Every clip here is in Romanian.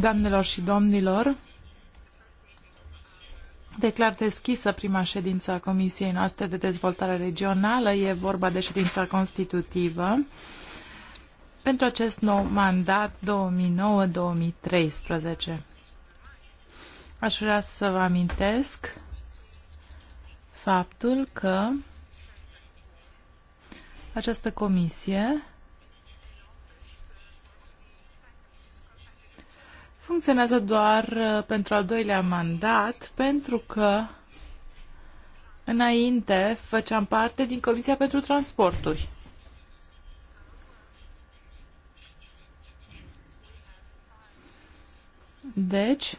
Doamnelor și domnilor, declar deschisă prima ședință a Comisiei noastre de dezvoltare regională. E vorba de ședința constitutivă pentru acest nou mandat 2009-2013. Aș vrea să vă amintesc faptul că această comisie funcționează doar uh, pentru al doilea mandat, pentru că înainte făceam parte din Comisia pentru Transporturi. Deci,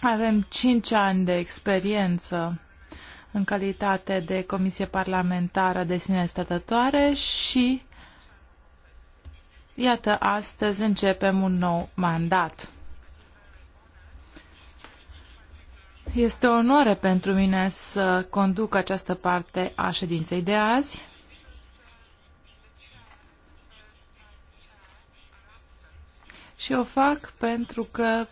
avem 5 ani de experiență în calitate de comisie parlamentară de sine statătoare și iată, astăzi începem un nou mandat. Este o onoare pentru mine să conduc această parte a ședinței de azi. Și o fac pentru că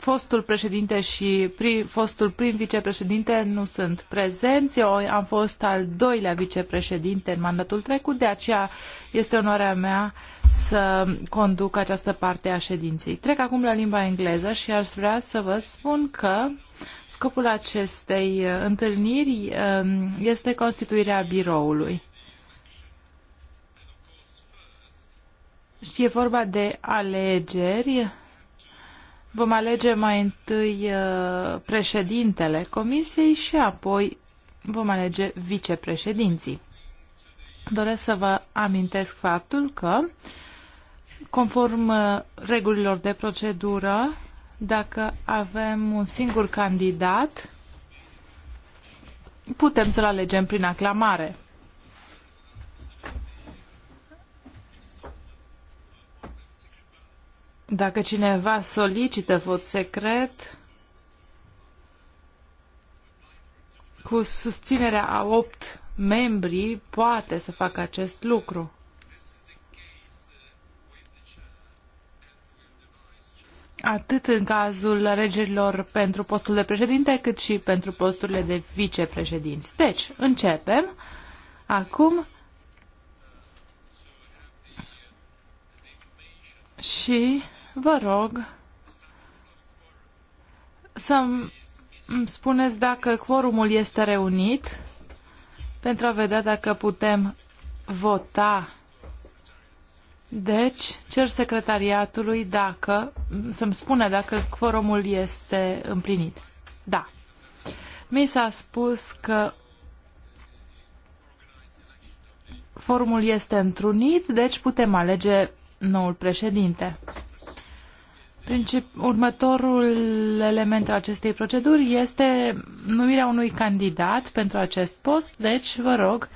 fostul președinte și pri, fostul prim vicepreședinte nu sunt prezenți. Eu am fost al doilea vicepreședinte în mandatul trecut, de aceea este onoarea mea să conduc această parte a ședinței. Trec acum la limba engleză și aș vrea să vă spun că scopul acestei întâlniri um, este constituirea biroului. Și e vorba de alegeri Vom alege mai întâi uh, președintele comisiei și apoi vom alege vicepreședinții. Doresc să vă amintesc faptul că, conform uh, regulilor de procedură, dacă avem un singur candidat, putem să-l alegem prin aclamare. Dacă cineva solicită vot secret cu susținerea a opt membri, poate să facă acest lucru. Atât în cazul regilor pentru postul de președinte, cât și pentru posturile de vicepreședinți. Deci, începem. Acum și vă rog să îmi spuneți dacă quorumul este reunit pentru a vedea dacă putem vota. Deci, cer secretariatului dacă, să-mi spune dacă quorumul este împlinit. Da. Mi s-a spus că quorumul este întrunit, deci putem alege noul președinte următorul element al acestei proceduri este numirea unui candidat pentru acest post, deci vă rog,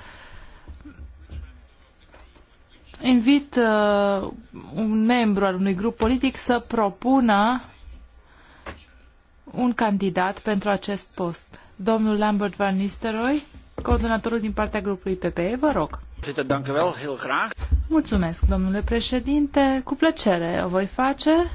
invit uh, un membru al unui grup politic să propună un candidat pentru acest post. Domnul Lambert Van Nistelrooy, coordonatorul din partea grupului PPE, vă rog. Mulțumesc, domnule președinte. Cu plăcere o voi face.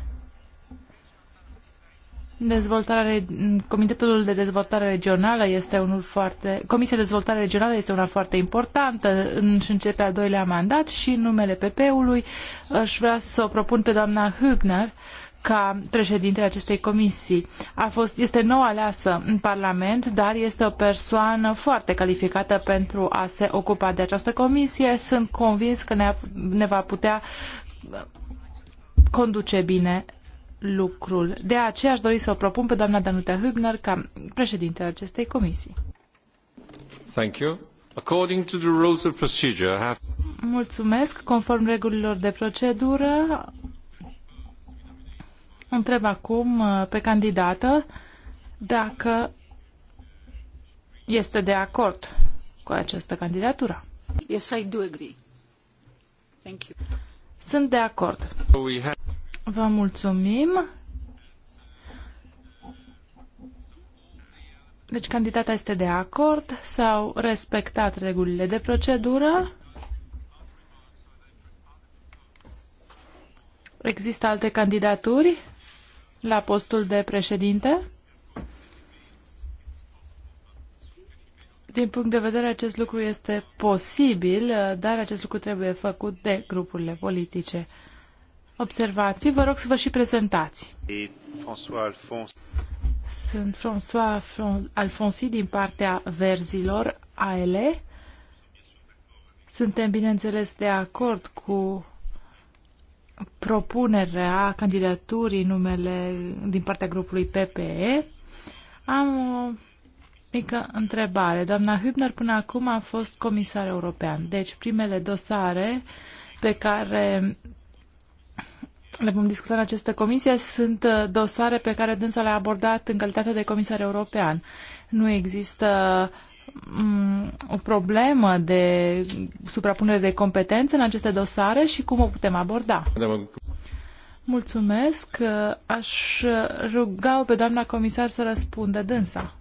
Dezvoltare, Comitetul de Dezvoltare Regională este unul foarte, Comisia de Dezvoltare Regională este una foarte importantă, își începe al doilea mandat și în numele PP-ului aș vrea să o propun pe doamna Hübner ca președintele acestei comisii. A fost, este nou aleasă în Parlament, dar este o persoană foarte calificată pentru a se ocupa de această comisie. Sunt convins că ne, ne va putea conduce bine lucrul. De aceea aș dori să o propun pe doamna Danuta Hübner ca președinte acestei comisii. Thank you. According to the rules of procedure, have... Mulțumesc. Conform regulilor de procedură, întreb acum uh, pe candidată dacă este de acord cu această candidatură. Yes, I do agree. Thank you. Sunt de acord. Vă mulțumim. Deci candidata este de acord, s-au respectat regulile de procedură. Există alte candidaturi la postul de președinte? Din punct de vedere, acest lucru este posibil, dar acest lucru trebuie făcut de grupurile politice observații, vă rog să vă și prezentați. Sunt François Alfonsi din partea Verzilor, ALE. Suntem, bineînțeles, de acord cu propunerea candidaturii numele din partea grupului PPE. Am o mică întrebare. Doamna Hübner până acum a fost comisar european, deci primele dosare pe care le vom discuta în această comisie sunt uh, dosare pe care dânsa le-a abordat în calitate de comisar european. Nu există mm, o problemă de suprapunere de competențe în aceste dosare și cum o putem aborda. Mulțumesc. Uh, aș ruga pe doamna comisar să răspundă dânsa.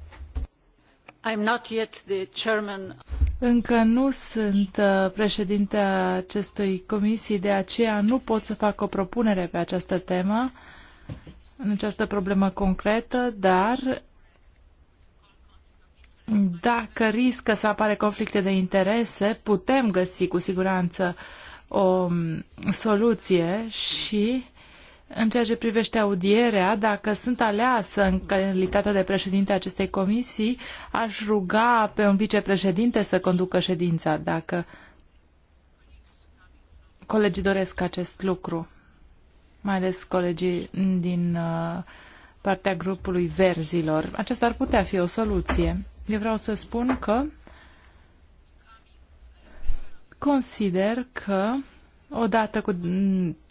I'm not yet the chairman. Încă nu sunt uh, președinte a acestui comisii, de aceea nu pot să fac o propunere pe această temă, în această problemă concretă, dar dacă riscă să apare conflicte de interese, putem găsi cu siguranță o mm, soluție și în ceea ce privește audierea, dacă sunt aleasă în calitatea de președinte a acestei comisii, aș ruga pe un vicepreședinte să conducă ședința, dacă colegii doresc acest lucru, mai ales colegii din uh, partea grupului verzilor. Aceasta ar putea fi o soluție. Eu vreau să spun că consider că odată cu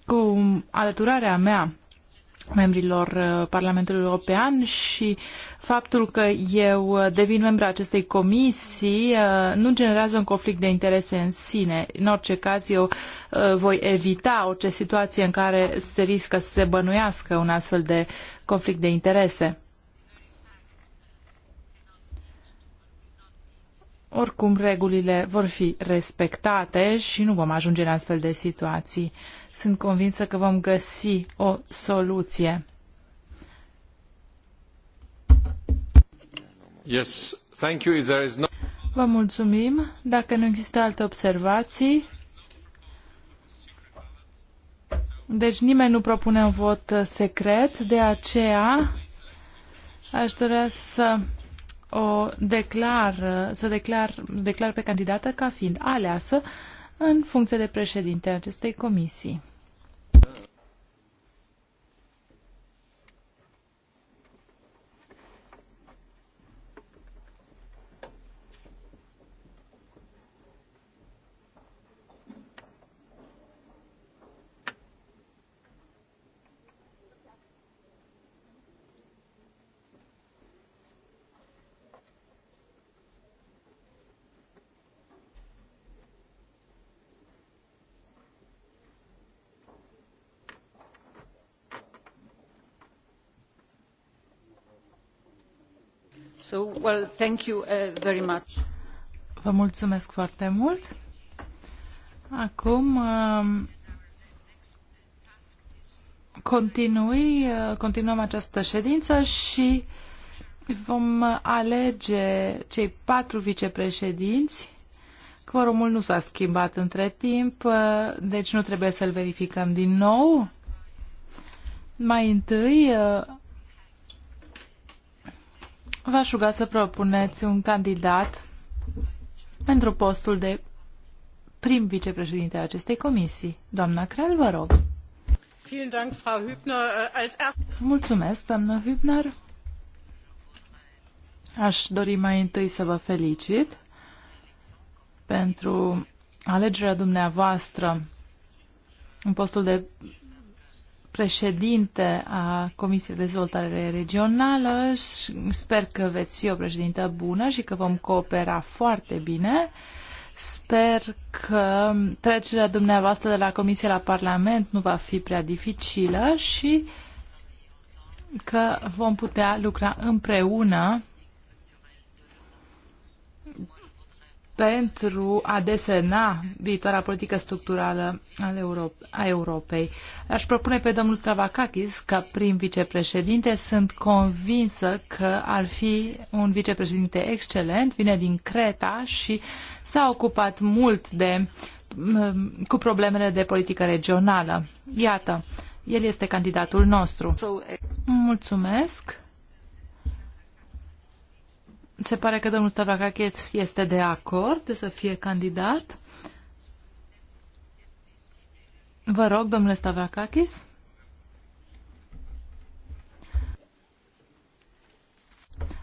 cu alăturarea mea membrilor uh, Parlamentului European și faptul că eu uh, devin membru acestei comisii uh, nu generează un conflict de interese în sine. În orice caz, eu voi evita orice situație în care se riscă să se bănuiască un astfel de conflict de interese. Oricum, regulile vor fi respectate și nu vom ajunge în astfel de situații. Sunt convinsă că vom găsi o soluție. Yes, thank you. there is no... Vă mulțumim. Dacă nu există alte observații, deci nimeni nu propune un vot secret, de aceea aș dorea să o declar, să declar, declar pe candidată ca fiind aleasă în funcție de președinte acestei comisii. Uh, Vă mulțumesc foarte mult. Acum um, continui, uh, continuăm această ședință și vom alege cei patru vicepreședinți. Quorumul nu s-a schimbat între timp, uh, deci nu trebuie să-l verificăm din nou. Mai întâi V-aș ruga să propuneți un candidat pentru postul de prim vicepreședinte al acestei comisii. Doamna Crel, vă rog. Äh, er- Mulțumesc, doamnă Hübner. Aș dori mai întâi să vă felicit pentru alegerea dumneavoastră în postul de președinte a Comisiei de Dezvoltare Regională. Sper că veți fi o președintă bună și că vom coopera foarte bine. Sper că trecerea dumneavoastră de la Comisie la Parlament nu va fi prea dificilă și că vom putea lucra împreună pentru a desena viitoarea politică structurală al a Europei. Aș propune pe domnul Stravakakis ca prim vicepreședinte. Sunt convinsă că ar fi un vicepreședinte excelent, vine din Creta și s-a ocupat mult de, cu problemele de politică regională. Iată, el este candidatul nostru. Mulțumesc! Se pare că domnul Stavrakakis este de acord de să fie candidat. Vă rog, domnule Stavrakakis.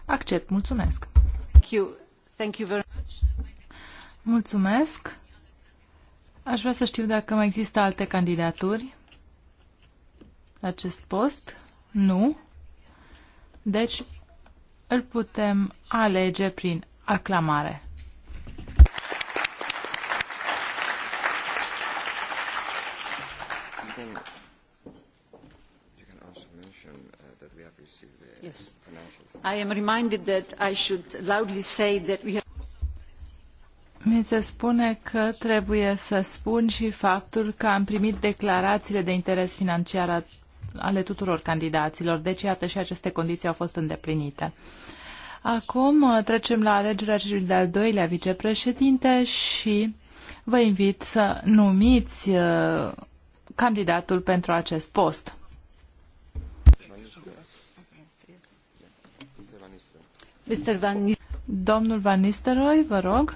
Accept, mulțumesc. Thank you. Thank you very much. Mulțumesc. Aș vrea să știu dacă mai există alte candidaturi la acest post. Nu. Deci îl putem alege prin aclamare. I am reminded that I should loudly say that we have mi se spune că trebuie să spun și faptul că am primit declarațiile de interes financiar ale tuturor candidaților. Deci, iată, și aceste condiții au fost îndeplinite. Acum uh, trecem la alegerea celui de-al doilea vicepreședinte și vă invit să numiți uh, candidatul pentru acest post. Mr. Van Domnul Van Nistelrooy, vă rog.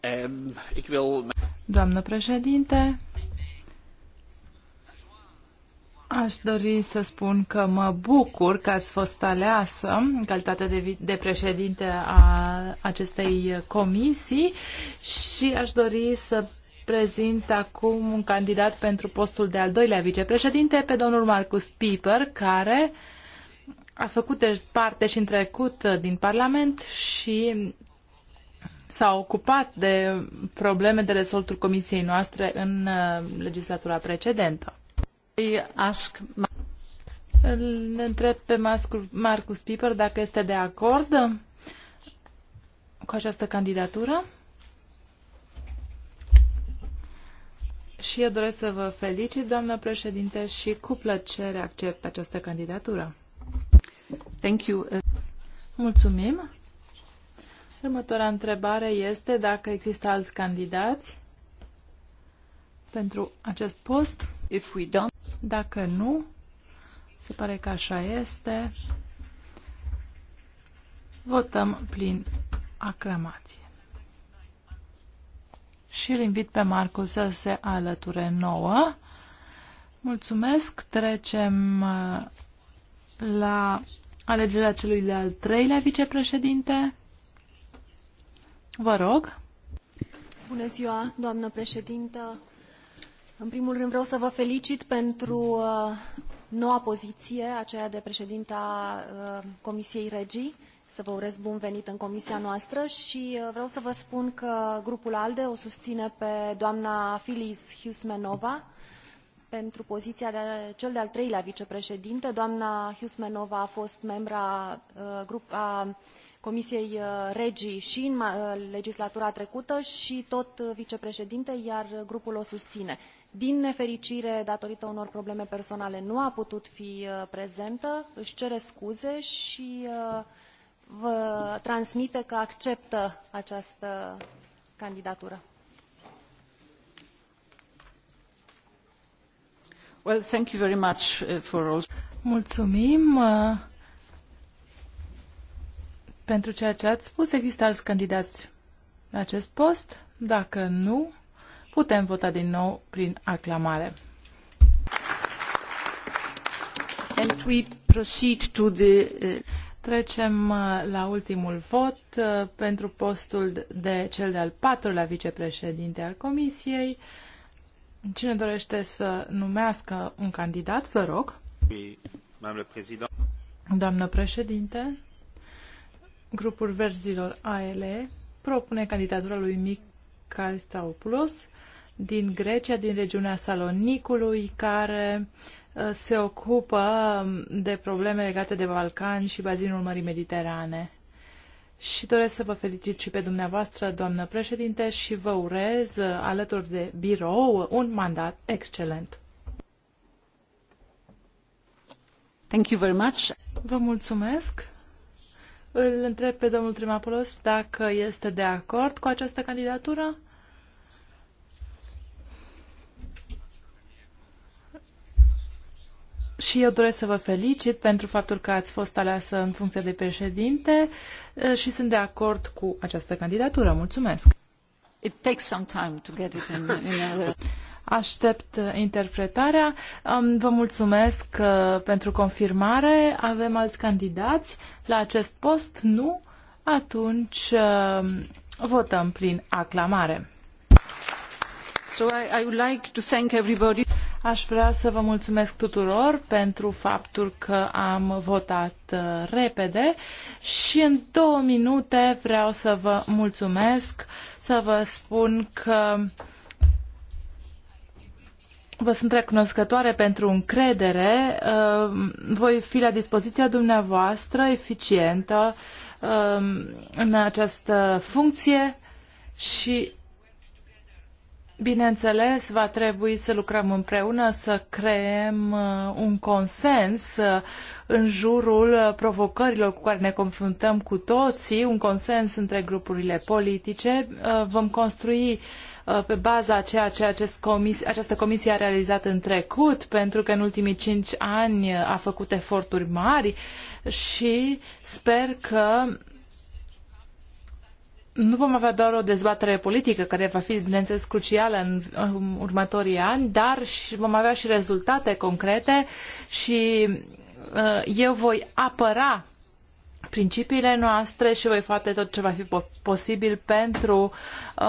Ehm, Doamnă președinte, Aș dori să spun că mă bucur că ați fost aleasă în calitate de, de președinte a acestei comisii și aș dori să prezint acum un candidat pentru postul de al doilea vicepreședinte, pe domnul Marcus Piper, care a făcut parte și în trecut din Parlament și s-a ocupat de probleme de resortul comisiei noastre în uh, legislatura precedentă. Îl întreb pe Marcus Piper dacă este de acord cu această candidatură. Și eu doresc să vă felicit, doamnă președinte, și cu plăcere accept această candidatură. Thank you. Mulțumim. Următoarea întrebare este dacă există alți candidați pentru acest post. Dacă nu, se pare că așa este. Votăm prin aclamație. Și îl invit pe Marcus să se alăture nouă. Mulțumesc. Trecem uh, la alegerea celui de-al treilea vicepreședinte. Vă rog. Bună ziua, doamnă președintă, în primul rând vreau să vă felicit pentru uh, noua poziție, aceea de președinta uh, Comisiei Regii. Să vă urez bun venit în comisia noastră și uh, vreau să vă spun că grupul ALDE o susține pe doamna Filiz Husmenova pentru poziția de cel de-al treilea vicepreședinte. Doamna Husmenova a fost membra a Comisiei Regii și în legislatura trecută și tot vicepreședinte, iar grupul o susține din nefericire datorită unor probleme personale nu a putut fi uh, prezentă își cere scuze și uh, vă transmite că acceptă această candidatură. Well, thank you very much uh, for all... Mulțumim pentru ceea ce ați spus. Există alți candidați la acest post? Dacă nu, putem vota din nou prin aclamare. And we proceed to the, uh... Trecem uh, la ultimul vot uh, pentru postul de cel de-al patrulea vicepreședinte al Comisiei. Cine dorește să numească un candidat, vă rog. Doamnă președinte, grupul verzilor AL propune candidatura lui Mick Kalistaopoulos din Grecia, din regiunea Salonicului, care uh, se ocupă um, de probleme legate de Balcani și bazinul Mării Mediterane. Și doresc să vă felicit și pe dumneavoastră, doamnă președinte, și vă urez, uh, alături de birou, un mandat excelent. Thank you very much. Vă mulțumesc. Îl întreb pe domnul Trimapoulos dacă este de acord cu această candidatură. Și eu doresc să vă felicit pentru faptul că ați fost aleasă în funcție de președinte eh, și sunt de acord cu această candidatură. Mulțumesc! It takes some time to get it in, in a... Aștept interpretarea. Vă mulțumesc uh, pentru confirmare. Avem alți candidați la acest post? Nu? Atunci uh, votăm prin aclamare. So I, I would like to thank everybody. Aș vrea să vă mulțumesc tuturor pentru faptul că am votat uh, repede și în două minute vreau să vă mulțumesc, să vă spun că Vă sunt recunoscătoare pentru încredere. Uh, voi fi la dispoziția dumneavoastră eficientă um, în această funcție și, bineînțeles, va trebui să lucrăm împreună, să creăm uh, un consens uh, în jurul provocărilor cu care ne confruntăm cu toții, un consens între grupurile politice. Vom construi Uh, pe baza ceea ce acest comis, această comisie a realizat în trecut, pentru că în ultimii cinci ani uh, a făcut eforturi mari și sper că nu vom avea doar o dezbatere politică, care va fi, bineînțeles, crucială în următorii ani, dar și vom avea și rezultate concrete și uh, eu voi apăra principiile noastre și voi face tot ce va fi posibil pentru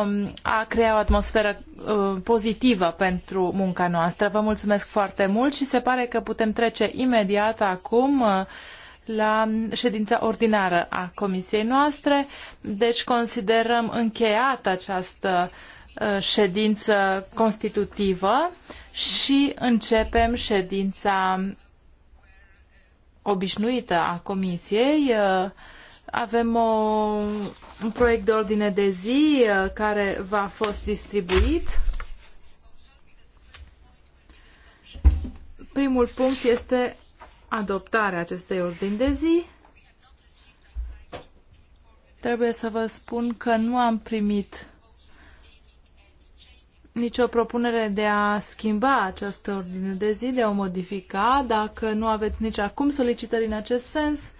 um, a crea o atmosferă uh, pozitivă pentru munca noastră. Vă mulțumesc foarte mult și se pare că putem trece imediat acum uh, la ședința ordinară a comisiei noastre. Deci considerăm încheiată această uh, ședință constitutivă și începem ședința obișnuită a Comisiei. Uh, avem o, un proiect de ordine de zi uh, care va fost distribuit. Primul punct este adoptarea acestei ordini de zi. Trebuie să vă spun că nu am primit nicio propunere de a schimba această ordine de zi, de a o modifica. Dacă nu aveți nici acum solicitări în acest sens,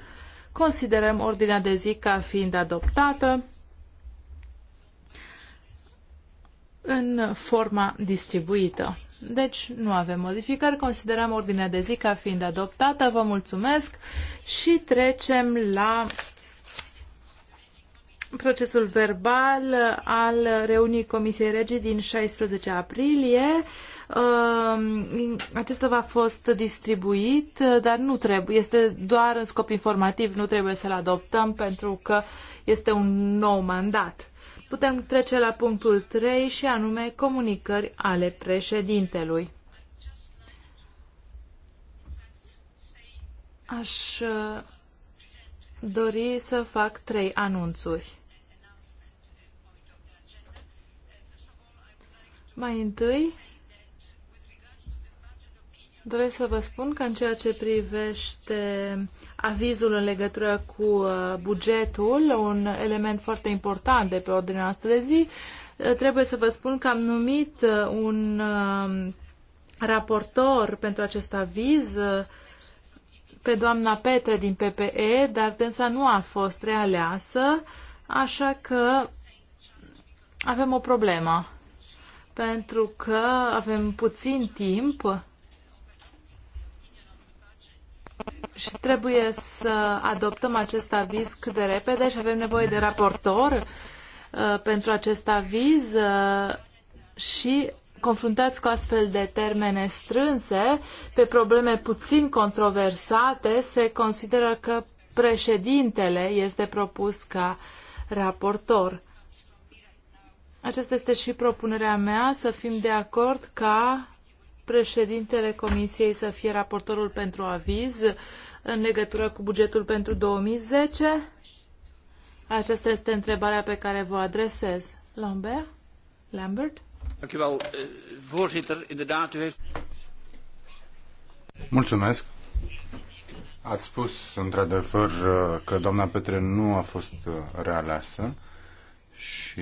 considerăm ordinea de zi ca fiind adoptată în forma distribuită. Deci nu avem modificări, considerăm ordinea de zi ca fiind adoptată. Vă mulțumesc și trecem la procesul verbal al reunii Comisiei Regii din 16 aprilie. Um, acesta va fost distribuit, dar nu trebuie, este doar în scop informativ, nu trebuie să-l adoptăm pentru că este un nou mandat. Putem trece la punctul 3 și anume comunicări ale președintelui. Aș uh, dori să fac trei anunțuri. Mai întâi, doresc să vă spun că în ceea ce privește avizul în legătură cu uh, bugetul, un element foarte important de pe ordinea noastră de zi, uh, trebuie să vă spun că am numit uh, un um, raportor pentru acest aviz pe doamna Petre din PPE, dar dânsa nu a fost realeasă, așa că avem o problemă pentru că avem puțin timp și trebuie să adoptăm acest aviz cât de repede și avem nevoie de raportor uh, pentru acest aviz uh, și confruntați cu astfel de termene strânse, pe probleme puțin controversate, se consideră că președintele este propus ca raportor. Aceasta este și propunerea mea, să fim de acord ca președintele Comisiei să fie raportorul pentru aviz în legătură cu bugetul pentru 2010? Aceasta este întrebarea pe care vă adresez. Lambert? Lambert? Eh, Mulțumesc. Ați spus, într-adevăr, eh, că doamna Petre nu a fost eh, realeasă și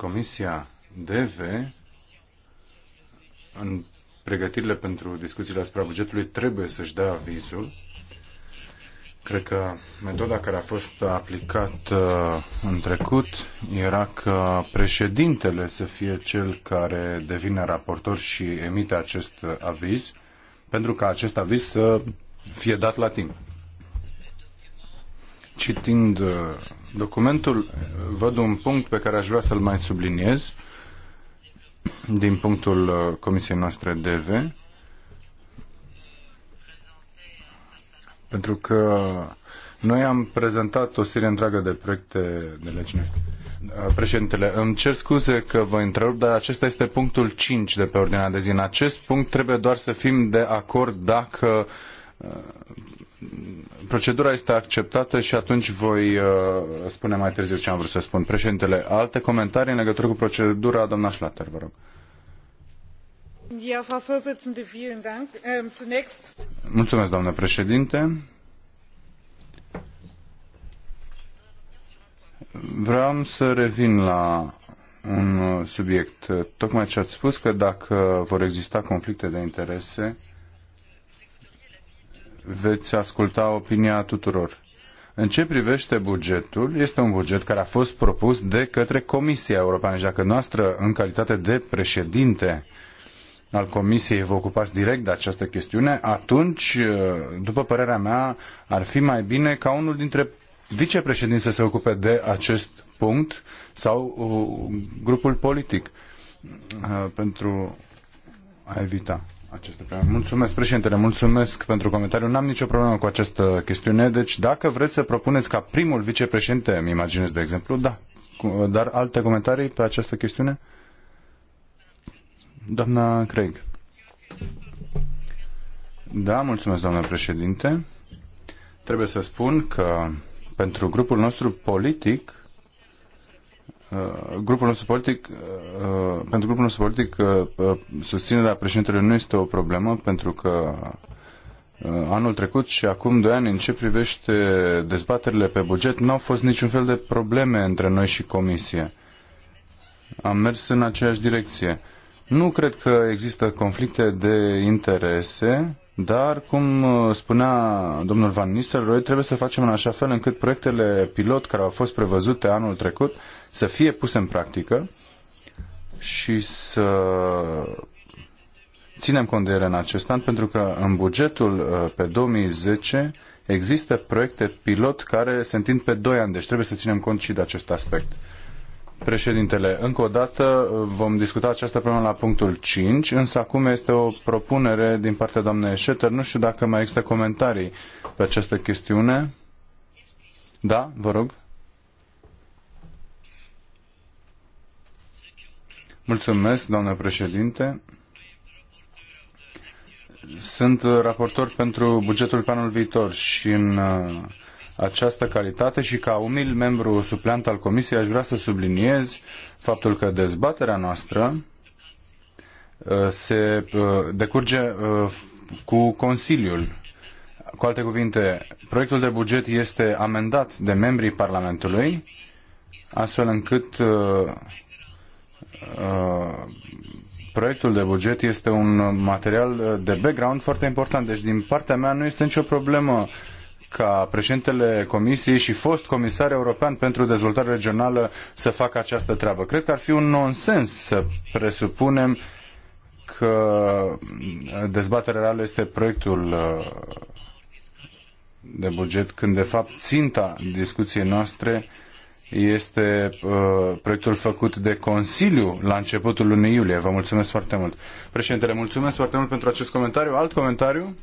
Comisia DEVE în pregătirile pentru discuțiile asupra bugetului trebuie să-și dea avizul. Cred că metoda care a fost aplicată uh, în trecut era că președintele să fie cel care devine raportor și emite acest uh, aviz, pentru ca acest aviz să fie dat la timp. Citind uh, documentul eh, văd un punct pe care aș vrea să-l mai subliniez din punctul eh, comisiei noastre DV, pentru că noi am prezentat o serie întreagă de proiecte de legi noi. Eh, președintele, îmi cer scuze că vă întrerup, dar acesta este punctul 5 de pe ordinea de zi. În acest punct trebuie doar să fim de acord dacă procedura este acceptată și atunci voi uh, spune mai târziu ce am vrut să spun. Președintele, alte comentarii în legătură cu procedura, doamna Schlatter, vă rog. Ähm, Mulțumesc, doamnă președinte. Vreau să revin la un subiect. Tocmai ce ați spus că dacă vor exista conflicte de interese, veți asculta opinia tuturor. În ce privește bugetul, este un buget care a fost propus de către Comisia Europeană și dacă noastră, în calitate de președinte al Comisiei, vă ocupați direct de această chestiune, atunci, după părerea mea, ar fi mai bine ca unul dintre vicepreședinți să se ocupe de acest punct sau uh, grupul politic uh, pentru a evita aceste probleme. Mulțumesc, președintele, mulțumesc pentru comentariu. N-am nicio problemă cu această chestiune. Deci, dacă vreți să propuneți ca primul vicepreședinte, îmi imaginez, de exemplu, da. Dar alte comentarii pe această chestiune? Doamna Craig. Da, mulțumesc, doamna președinte. Trebuie să spun că pentru grupul nostru politic Uh, grupul nostru politic, uh, uh, pentru grupul nostru politic susținerea președintelui nu este o problemă pentru că anul trecut și acum doi ani în ce privește dezbaterile pe buget nu au fost niciun fel de probleme între noi și comisie. Am mers în aceeași direcție. Nu cred că există conflicte de interese dar, cum uh, spunea domnul Van Nistelrooy, trebuie să facem în așa fel încât proiectele pilot care au fost prevăzute anul trecut să fie puse în practică și să ținem cont de ele în acest an, pentru că în bugetul uh, pe 2010 există proiecte pilot care se întind pe 2 ani, deci trebuie să ținem cont și de acest aspect. Președintele, încă o dată vom discuta această problemă la punctul 5, însă acum este o propunere din partea doamnei Șeter. Nu știu dacă mai există comentarii pe această chestiune. Da, vă rog. Mulțumesc, doamnă președinte. Sunt raportor pentru bugetul pe anul viitor și în această calitate și ca umil membru supleant al Comisiei aș vrea să subliniez faptul că dezbaterea noastră uh, se uh, decurge uh, cu Consiliul. Cu alte cuvinte, proiectul de buget este amendat de membrii Parlamentului, astfel încât proiectul de buget este un material de background foarte important. Deci, din partea mea, nu este nicio problemă uh, ca președintele Comisiei și fost comisar european pentru dezvoltare regională să facă această treabă. Cred că ar fi un nonsens să presupunem că dezbaterea reală este proiectul uh, de buget, când de fapt ținta discuției noastre este uh, proiectul făcut de Consiliu la începutul lunii iulie. Vă mulțumesc foarte mult. Președintele, mulțumesc foarte mult pentru acest comentariu. Alt comentariu?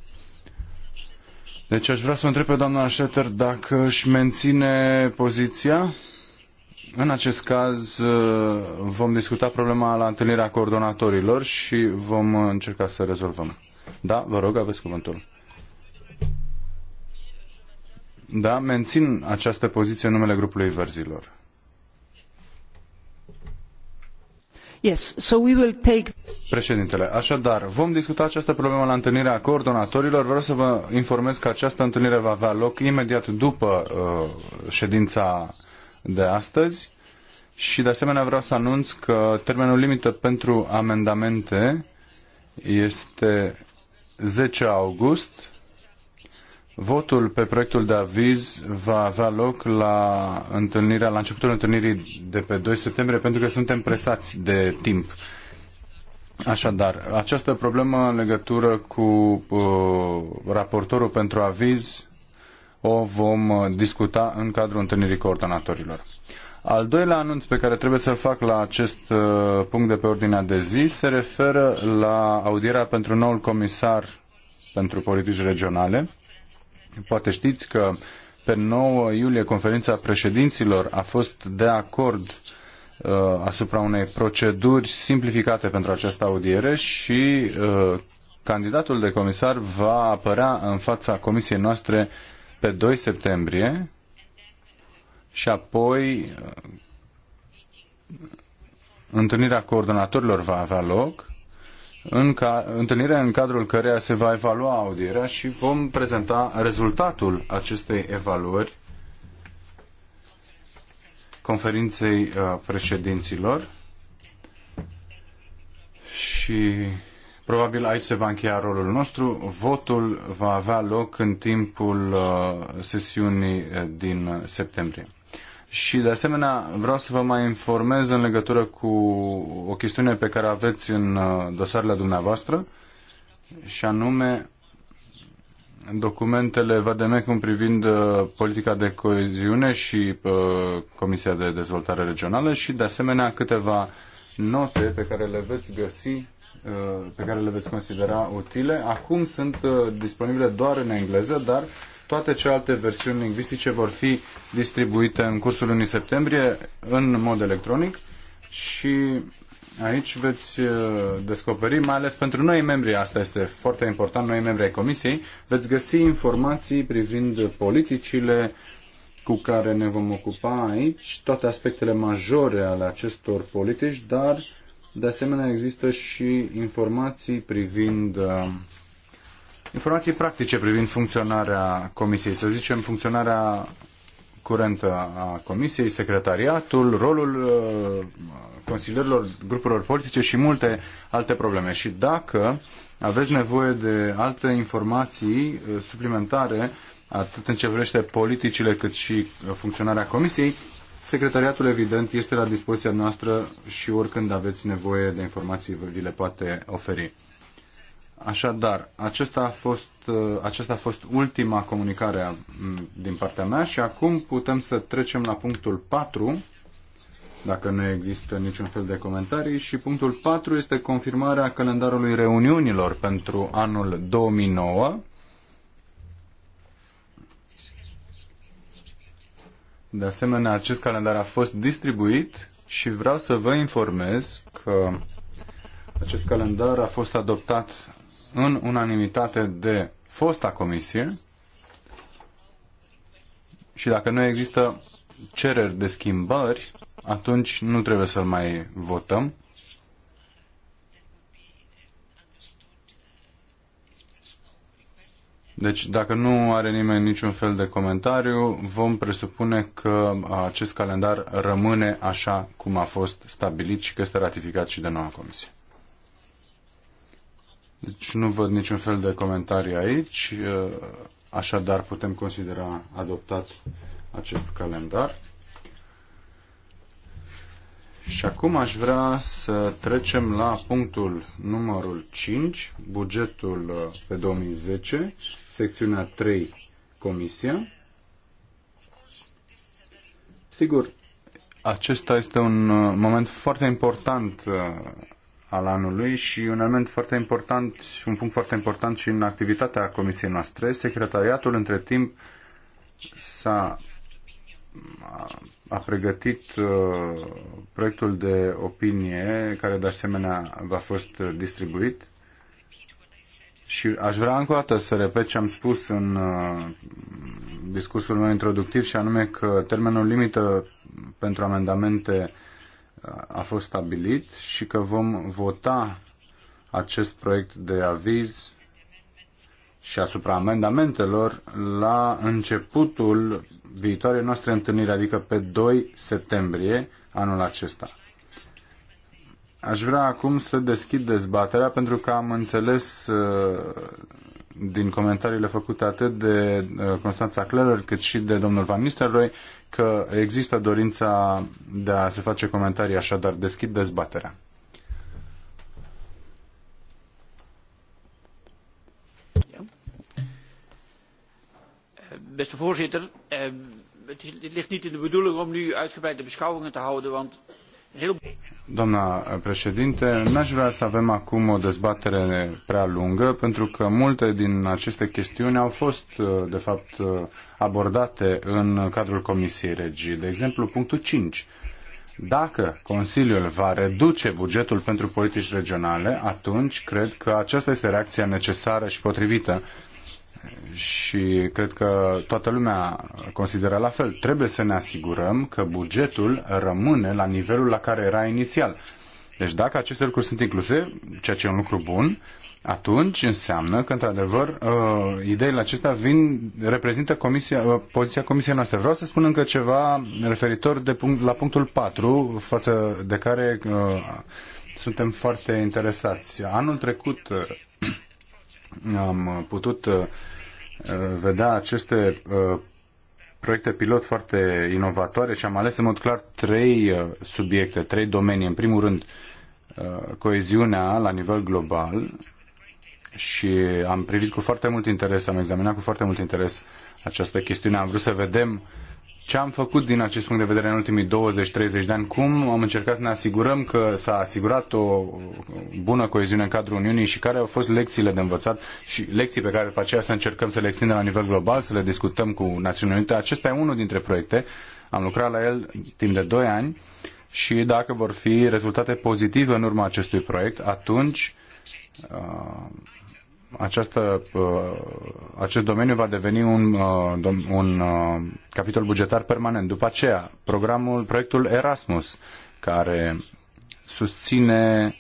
Deci aș vrea să o întreb pe doamna Șeter dacă își menține poziția. În acest caz uh, vom discuta problema la întâlnirea coordonatorilor și vom încerca să rezolvăm. Da, vă rog, aveți cuvântul. Da, mențin această poziție în numele grupului verzilor. Yes, așadar, vom discuta această problemă la întâlnirea coordonatorilor. Vreau să vă informez că această întâlnire va avea loc imediat după uh, ședința de astăzi și de asemenea vreau să anunț că termenul limită pentru amendamente este 10 august Votul pe proiectul de aviz va avea loc la întâlnirea, la începutul întâlnirii de pe 2 septembrie, pentru că suntem presați de timp. Așadar, această problemă în legătură cu uh, raportorul pentru aviz o vom discuta în cadrul întâlnirii coordonatorilor. Al doilea anunț pe care trebuie să-l fac la acest uh, punct de pe ordinea de zi se referă la audierea pentru noul comisar pentru politici regionale Poate știți că pe 9 iulie conferința președinților a fost de acord uh, asupra unei proceduri simplificate pentru această audiere și uh, candidatul de comisar va apărea în fața comisiei noastre pe 2 septembrie și apoi uh, întâlnirea coordonatorilor va avea loc în ca, întâlnire în cadrul căreia se va evalua audierea și vom prezenta rezultatul acestei evaluări conferinței uh, președinților și probabil aici se va încheia rolul nostru. Votul va avea loc în timpul uh, sesiunii uh, din septembrie. Și de asemenea vreau să vă mai informez în legătură cu o chestiune pe care aveți în uh, dosarele dumneavoastră și anume documentele Vademecum privind uh, politica de coeziune și uh, Comisia de Dezvoltare Regională și de asemenea câteva note pe care le veți găsi pe care le veți considera utile. Acum sunt disponibile doar în engleză, dar toate celelalte versiuni lingvistice vor fi distribuite în cursul lunii septembrie în mod electronic și aici veți uh, descoperi, mai ales pentru noi membri, asta este foarte important, noi membri ai Comisiei, veți găsi informații privind politicile cu care ne vom ocupa aici, toate aspectele majore ale acestor politici, dar de asemenea există și informații privind uh, informații practice privind funcționarea Comisiei, să zicem funcționarea curentă a Comisiei, secretariatul, rolul uh, consilierilor grupurilor politice și multe alte probleme. Și dacă aveți nevoie de alte informații uh, suplimentare, atât în ce privește politicile cât și uh, funcționarea Comisiei, Secretariatul, evident, este la dispoziția noastră și oricând aveți nevoie de informații, vi le poate oferi. Așadar, acesta a, fost, uh, acesta a fost ultima comunicare din partea mea și acum putem să trecem la punctul 4, dacă nu există niciun fel de comentarii, și punctul 4 este confirmarea calendarului reuniunilor pentru anul 2009. De asemenea, acest calendar a fost distribuit și vreau să vă informez că acest calendar a fost adoptat în unanimitate de fosta comisie și dacă nu există cereri de schimbări, atunci nu trebuie să-l mai votăm. Deci, dacă nu are nimeni niciun fel de comentariu, vom presupune că acest calendar rămâne așa cum a fost stabilit și că este ratificat și de noua comisie. Deci nu văd niciun fel de comentarii aici, uh, așadar putem considera adoptat acest calendar. Și acum aș vrea să trecem la punctul numărul 5, bugetul uh, pe 2010, secțiunea 3, Comisia. Sigur, acesta este un uh, moment foarte important al anului și un element foarte important și un punct foarte important și în activitatea comisiei noastre. Secretariatul între timp s-a a, pregătit uh, proiectul de opinie care de asemenea va fost distribuit și aș vrea încă o dată să repet ce am spus în uh, discursul meu introductiv și anume că termenul limită pentru amendamente a fost stabilit și că vom vota acest proiect de aviz și asupra amendamentelor la începutul viitoarei noastre întâlniri, adică pe 2 septembrie anul acesta. Aș vrea acum să deschid dezbaterea pentru că am înțeles uh, din comentariile făcute atât de uh, Constanța Clerer cât și de domnul Van Nistelrooy că există dorința de a se face comentarii, așadar deschid dezbaterea. Beste voorzitter, eh, het, ligt niet in de bedoeling om nu uitgebreide beschouwingen te houden, want Doamna președinte, n-aș vrea să avem acum o dezbatere prea lungă, pentru că multe din aceste chestiuni au fost, uh, de fapt, uh, abordate în cadrul Comisiei Regii. De exemplu, punctul 5. Dacă Consiliul va reduce bugetul pentru politici regionale, atunci cred că aceasta este reacția necesară și potrivită și cred că toată lumea consideră la fel. Trebuie să ne asigurăm că bugetul rămâne la nivelul la care era inițial. Deci dacă aceste lucruri sunt incluse, ceea ce e un lucru bun, atunci înseamnă că, într-adevăr, uh, ideile acestea vin, reprezintă comisia, uh, poziția comisiei noastre. Vreau să spun încă ceva referitor de punct, la punctul 4, față de care uh, suntem foarte interesați. Anul trecut uh, am putut uh, vedea aceste uh, proiecte pilot foarte inovatoare și am ales în mod clar trei uh, subiecte, trei domenii. În primul rând, coeziunea la nivel global și am privit cu foarte mult interes, am examinat cu foarte mult interes această chestiune. Am vrut să vedem uh, ce am făcut din acest punct de vedere în ultimii 20-30 de ani, cum am încercat să ne asigurăm că s-a asigurat o bună coeziune în cadrul Uniunii și care au fost lecțiile de învățat și lecții pe care după aceea să încercăm să le extindem la nivel global, să le discutăm cu Națiunile Unite. Acesta e unul dintre proiecte. Am lucrat la el timp de 2 ani și dacă vor fi rezultate pozitive în urma acestui proiect, atunci uh, această, uh, acest domeniu va deveni un, uh, un uh, capitol bugetar permanent. După aceea, programul, proiectul Erasmus, care susține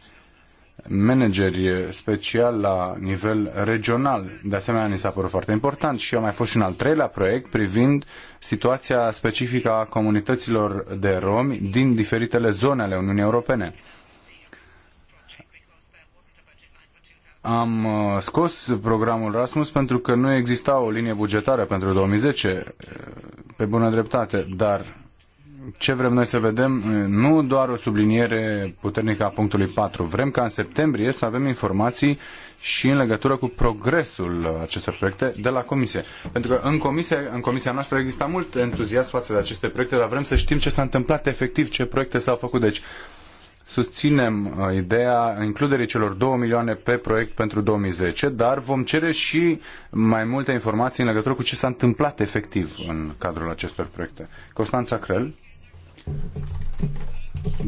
manageri special la nivel regional. De asemenea, ni s-a părut foarte important și a mai fost și un al treilea proiect privind situația specifică a comunităților de romi din diferitele zone ale Uniunii Europene. am uh, scos programul Rasmus pentru că nu exista o linie bugetară pentru 2010, uh, pe bună dreptate, dar ce vrem noi să vedem, uh, nu doar o subliniere puternică a punctului 4. Vrem ca în septembrie să avem informații și în legătură cu progresul acestor proiecte de la Comisie. Pentru că în, comisie, în Comisia noastră exista mult entuziasm față de aceste proiecte, dar vrem să știm ce s-a întâmplat efectiv, ce proiecte s-au făcut. Deci susținem uh, ideea includerii celor 2 milioane pe proiect pentru 2010, dar vom cere și mai multe informații în legătură cu ce s-a întâmplat efectiv în cadrul acestor proiecte. Constanța Crel.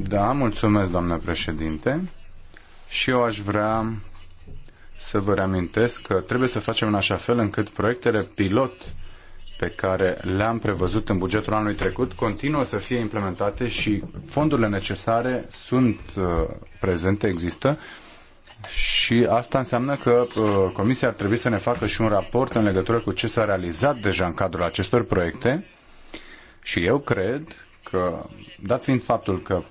Da, mulțumesc, doamnă președinte. Și eu aș vrea să vă reamintesc că trebuie să facem în așa fel încât proiectele pilot pe care le-am prevăzut în bugetul anului trecut continuă să fie implementate și fondurile necesare sunt uh, prezente, există și asta înseamnă că uh, Comisia ar trebui să ne facă și un raport în legătură cu ce s-a realizat deja în cadrul acestor proiecte și eu cred că, dat fiind faptul că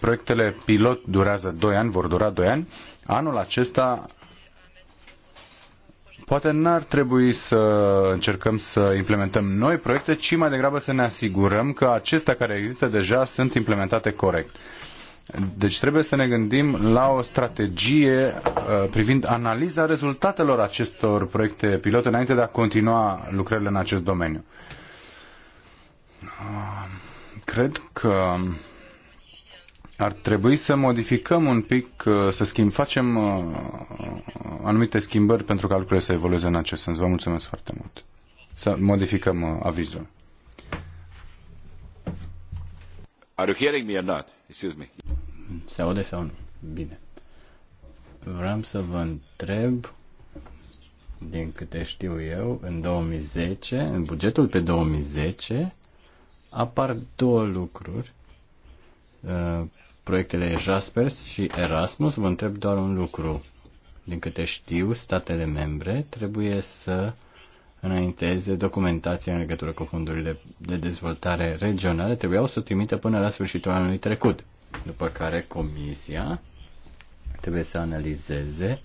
proiectele pilot durează 2 ani, vor dura 2 ani, anul acesta poate n-ar trebui să încercăm să implementăm noi proiecte, ci mai degrabă să ne asigurăm că acestea care există deja sunt implementate corect. Deci trebuie să ne gândim la o strategie uh, privind analiza rezultatelor acestor proiecte pilot înainte de a continua lucrările în acest domeniu. Uh, cred că ar trebui să modificăm un pic, uh, să schimb, facem uh, anumite schimbări pentru ca lucrurile să evolueze în acest sens. Vă mulțumesc foarte mult. Să modificăm uh, avizul. Are you hearing me or not? Excuse me. Se aude sau nu? Bine. Vreau să vă întreb, din câte știu eu, în 2010, în bugetul pe 2010, apar două lucruri proiectele Jaspers și Erasmus, vă întreb doar un lucru. Din câte știu, statele membre trebuie să înainteze documentația în legătură cu fondurile de dezvoltare regionale, trebuiau să o trimită până la sfârșitul anului trecut, după care Comisia trebuie să analizeze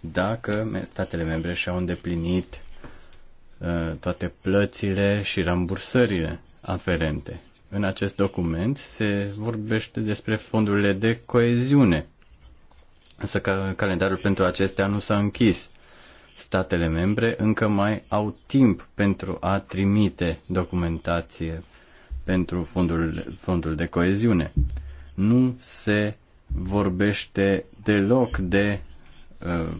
dacă statele membre și-au îndeplinit uh, toate plățile și rambursările aferente în acest document se vorbește despre fondurile de coeziune. Însă ca calendarul pentru acestea nu s-a închis. Statele membre încă mai au timp pentru a trimite documentație pentru fondul, fondul de coeziune. Nu se vorbește deloc de uh,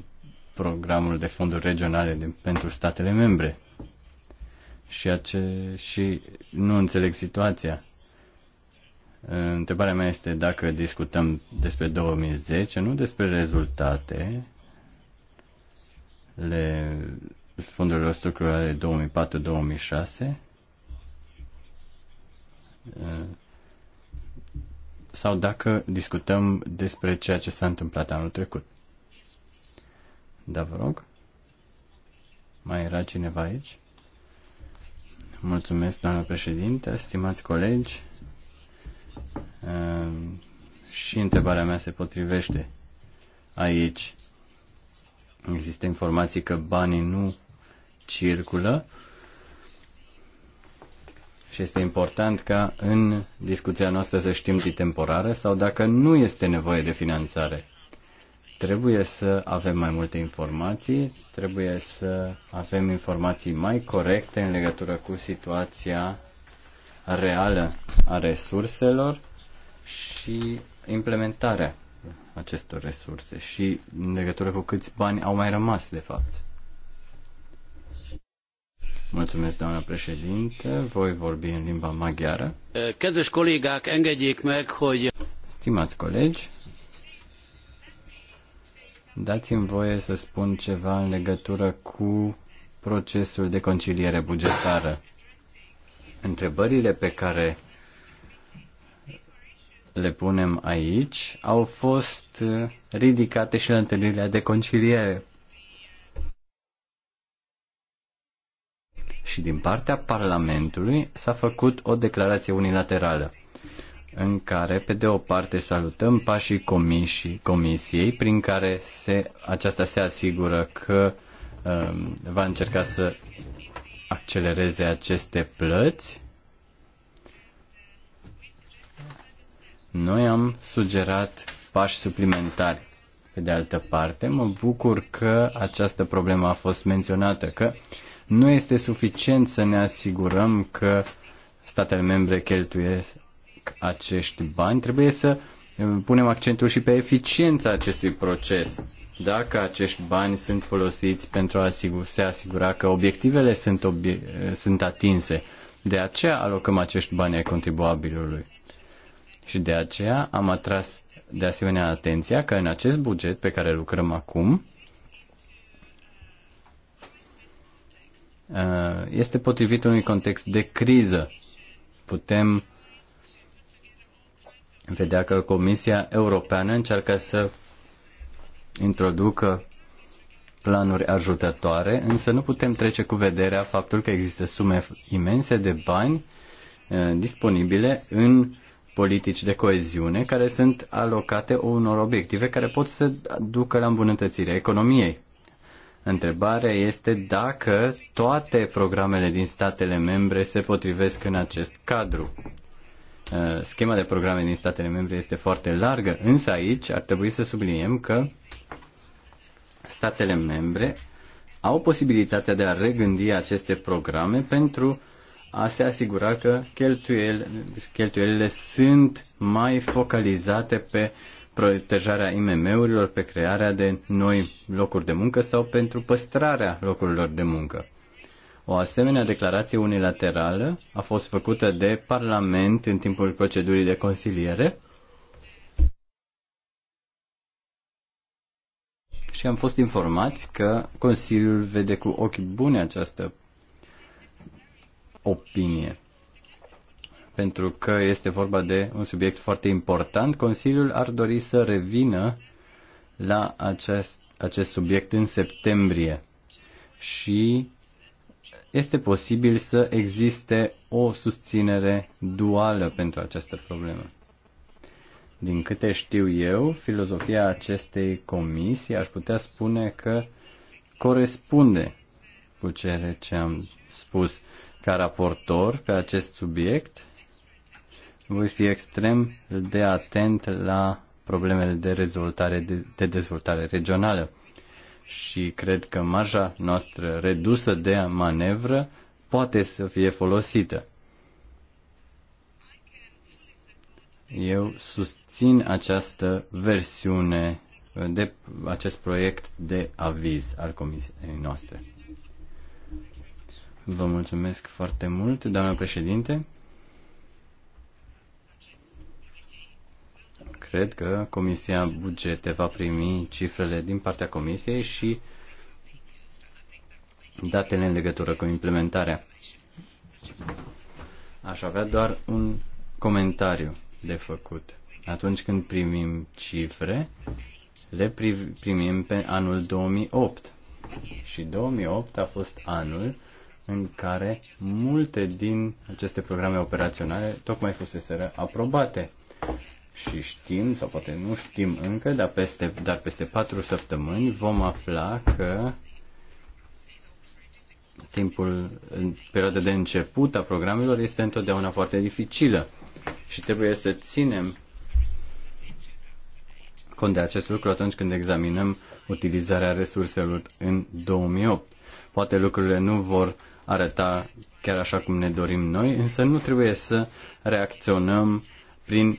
programul de fonduri regionale de, pentru statele membre și, ace- și nu înțeleg situația. Întrebarea mea este dacă discutăm despre 2010, nu despre rezultate le fondurilor structurale 2004-2006 sau dacă discutăm despre ceea ce s-a întâmplat anul trecut. Da, vă rog. Mai era cineva aici? Mulțumesc, doamnă președinte, stimați colegi. Ehm, și întrebarea mea se potrivește aici. Există informații că banii nu circulă și este important ca în discuția noastră să știm de temporară sau dacă nu este nevoie de finanțare. Trebuie să avem mai multe informații, trebuie să avem informații mai corecte în legătură cu situația reală a resurselor și implementarea acestor resurse și în legătură cu câți bani au mai rămas, de fapt. Mulțumesc, doamna președinte. Voi vorbi în limba maghiară. Kedves kollégák, engedjék meg, hogy... Stimați colegi, Dați-mi voie să spun ceva în legătură cu procesul de conciliere bugetară. Întrebările pe care le punem aici au fost ridicate și la întâlnirile de conciliere. Și din partea Parlamentului s-a făcut o declarație unilaterală în care, pe de o parte, salutăm pașii comisii, comisiei prin care se, aceasta se asigură că um, va încerca să accelereze aceste plăți. Noi am sugerat pași suplimentari. Pe de altă parte, mă bucur că această problemă a fost menționată, că nu este suficient să ne asigurăm că statele membre cheltuiesc acești bani, trebuie să eh, punem accentul și pe eficiența acestui proces. Dacă acești bani sunt folosiți pentru a se asigura că obiectivele sunt, obie- eh, sunt atinse, de aceea alocăm acești bani ai contribuabilului. Și de aceea am atras de asemenea atenția că în acest buget pe care lucrăm acum eh, este potrivit unui context de criză. Putem vedea că Comisia Europeană încearcă să introducă planuri ajutătoare, însă nu putem trece cu vederea faptul că există sume imense de bani eh, disponibile în politici de coeziune care sunt alocate unor obiective care pot să ducă la îmbunătățirea economiei. Întrebarea este dacă toate programele din statele membre se potrivesc în acest cadru. Uh, schema de programe din statele membre este foarte largă, însă aici ar trebui să subliniem că statele membre au posibilitatea de a regândi aceste programe pentru a se asigura că cheltuiel, cheltuielile sunt mai focalizate pe protejarea IMM-urilor, pe crearea de noi locuri de muncă sau pentru păstrarea locurilor de muncă. O asemenea declarație unilaterală a fost făcută de Parlament în timpul procedurii de consiliere și am fost informați că Consiliul vede cu ochi buni această opinie. Pentru că este vorba de un subiect foarte important, Consiliul ar dori să revină la acest, acest subiect în septembrie și este posibil să existe o susținere duală pentru această problemă. Din câte știu eu, filozofia acestei comisii aș putea spune că corespunde cu ceea ce am spus ca raportor pe acest subiect. Voi fi extrem de atent la problemele de, de dezvoltare regională și cred că marja noastră redusă de manevră poate să fie folosită. Eu susțin această versiune de acest proiect de aviz al comisiei noastre. Vă mulțumesc foarte mult, doamnă președinte. cred că Comisia Bugete va primi cifrele din partea Comisiei și datele în legătură cu implementarea. Aș avea doar un comentariu de făcut. Atunci când primim cifre, le primim pe anul 2008. Și 2008 a fost anul în care multe din aceste programe operaționale tocmai fuseseră aprobate și știm, sau poate nu știm încă, dar peste, dar peste patru săptămâni vom afla că timpul, în perioada de început a programelor este întotdeauna foarte dificilă și trebuie să ținem cont de acest lucru atunci când examinăm utilizarea resurselor în 2008. Poate lucrurile nu vor arăta chiar așa cum ne dorim noi, însă nu trebuie să reacționăm prin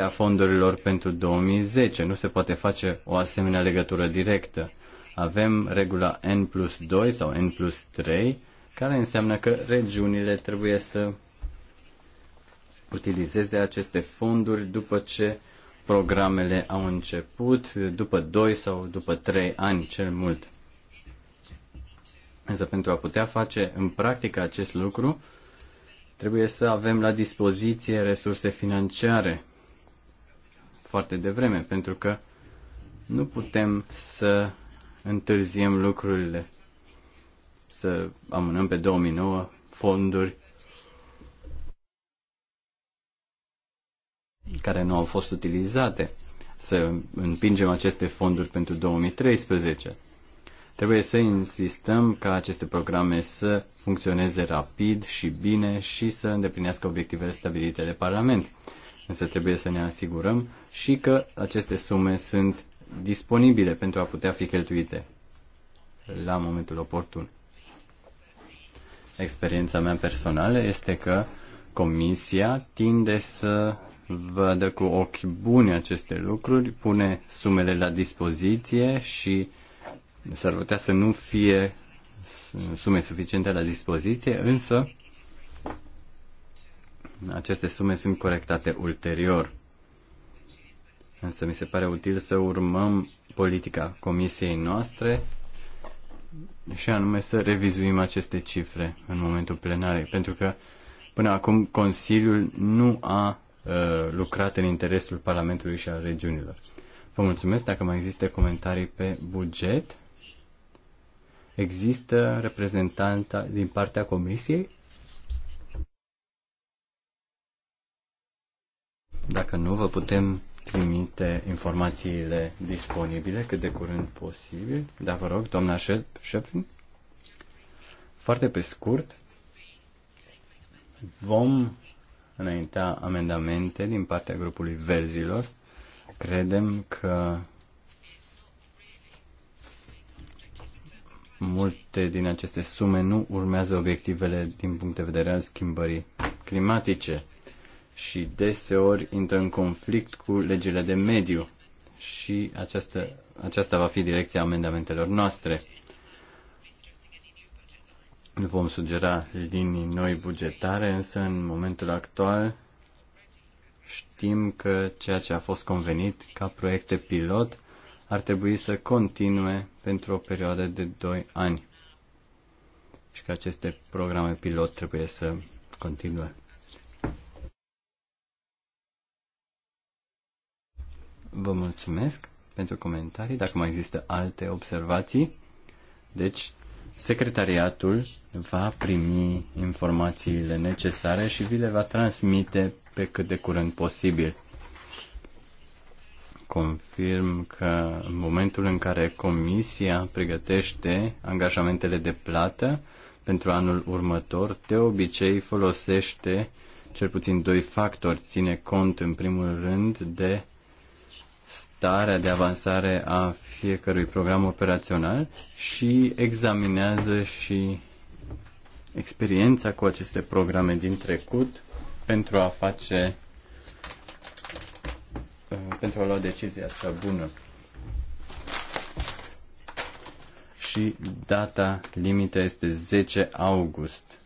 a fondurilor pentru 2010. Nu se poate face o asemenea legătură directă. Avem regula N plus 2 sau N plus 3, care înseamnă că regiunile trebuie să utilizeze aceste fonduri după ce programele au început, după 2 sau după 3 ani cel mult. Însă pentru a putea face în practică acest lucru, Trebuie să avem la dispoziție resurse financiare foarte devreme, pentru că nu putem să întârziem lucrurile, să amânăm pe 2009 fonduri care nu au fost utilizate, să împingem aceste fonduri pentru 2013. Trebuie să insistăm ca aceste programe să funcționeze rapid și bine și să îndeplinească obiectivele stabilite de Parlament. Însă trebuie să ne asigurăm și că aceste sume sunt disponibile pentru a putea fi cheltuite la momentul oportun. Experiența mea personală este că Comisia tinde să vadă cu ochi buni aceste lucruri, pune sumele la dispoziție și uh, S-ar putea să nu fie sume suficiente la dispoziție, însă aceste sume sunt corectate ulterior. Însă mi se pare util să urmăm politica comisiei noastre și anume să revizuim aceste cifre în momentul plenarei, pentru că până acum Consiliul nu a uh, lucrat în interesul Parlamentului și al regiunilor. Vă mulțumesc dacă mai există comentarii pe buget. Există reprezentanta din partea comisiei? Dacă nu, vă putem trimite informațiile disponibile cât de curând posibil. Da, vă rog, doamna Șefin. Foarte pe scurt, vom înainta amendamente din partea grupului verzilor. Credem că multe din aceste sume nu urmează obiectivele din punct de vedere al schimbării climatice și deseori intră în conflict cu legile de mediu și această, aceasta va fi direcția amendamentelor noastre. Nu Vom sugera linii noi bugetare, însă în momentul actual știm că ceea ce a fost convenit ca proiecte pilot ar trebui să continue pentru o perioadă de 2 ani și că aceste programe pilot trebuie să continue. Vă mulțumesc pentru comentarii, dacă mai există alte observații. Deci, secretariatul va primi informațiile necesare și vi le va transmite pe cât de curând posibil confirm că în momentul în care Comisia pregătește angajamentele de plată pentru anul următor, de obicei folosește cel puțin doi factori. Ține cont, în primul rând, de starea de avansare a fiecărui program operațional și examinează și experiența cu aceste programe din trecut pentru a face Uh, pentru a lua decizia cea bună. Și data limită este 10 august.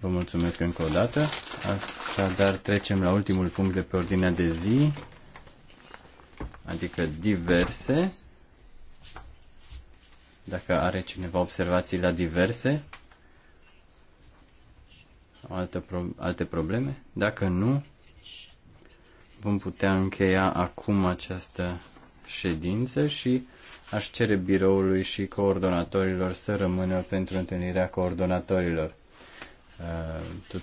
Vă mulțumesc încă o dată. Așadar, trecem la ultimul punct de pe ordinea de zi, adică diverse. Dacă are cineva observații la diverse, pro- alte probleme. Dacă nu, vom putea încheia acum această ședință și aș cere biroului și coordonatorilor să rămână pentru întâlnirea coordonatorilor. Uh,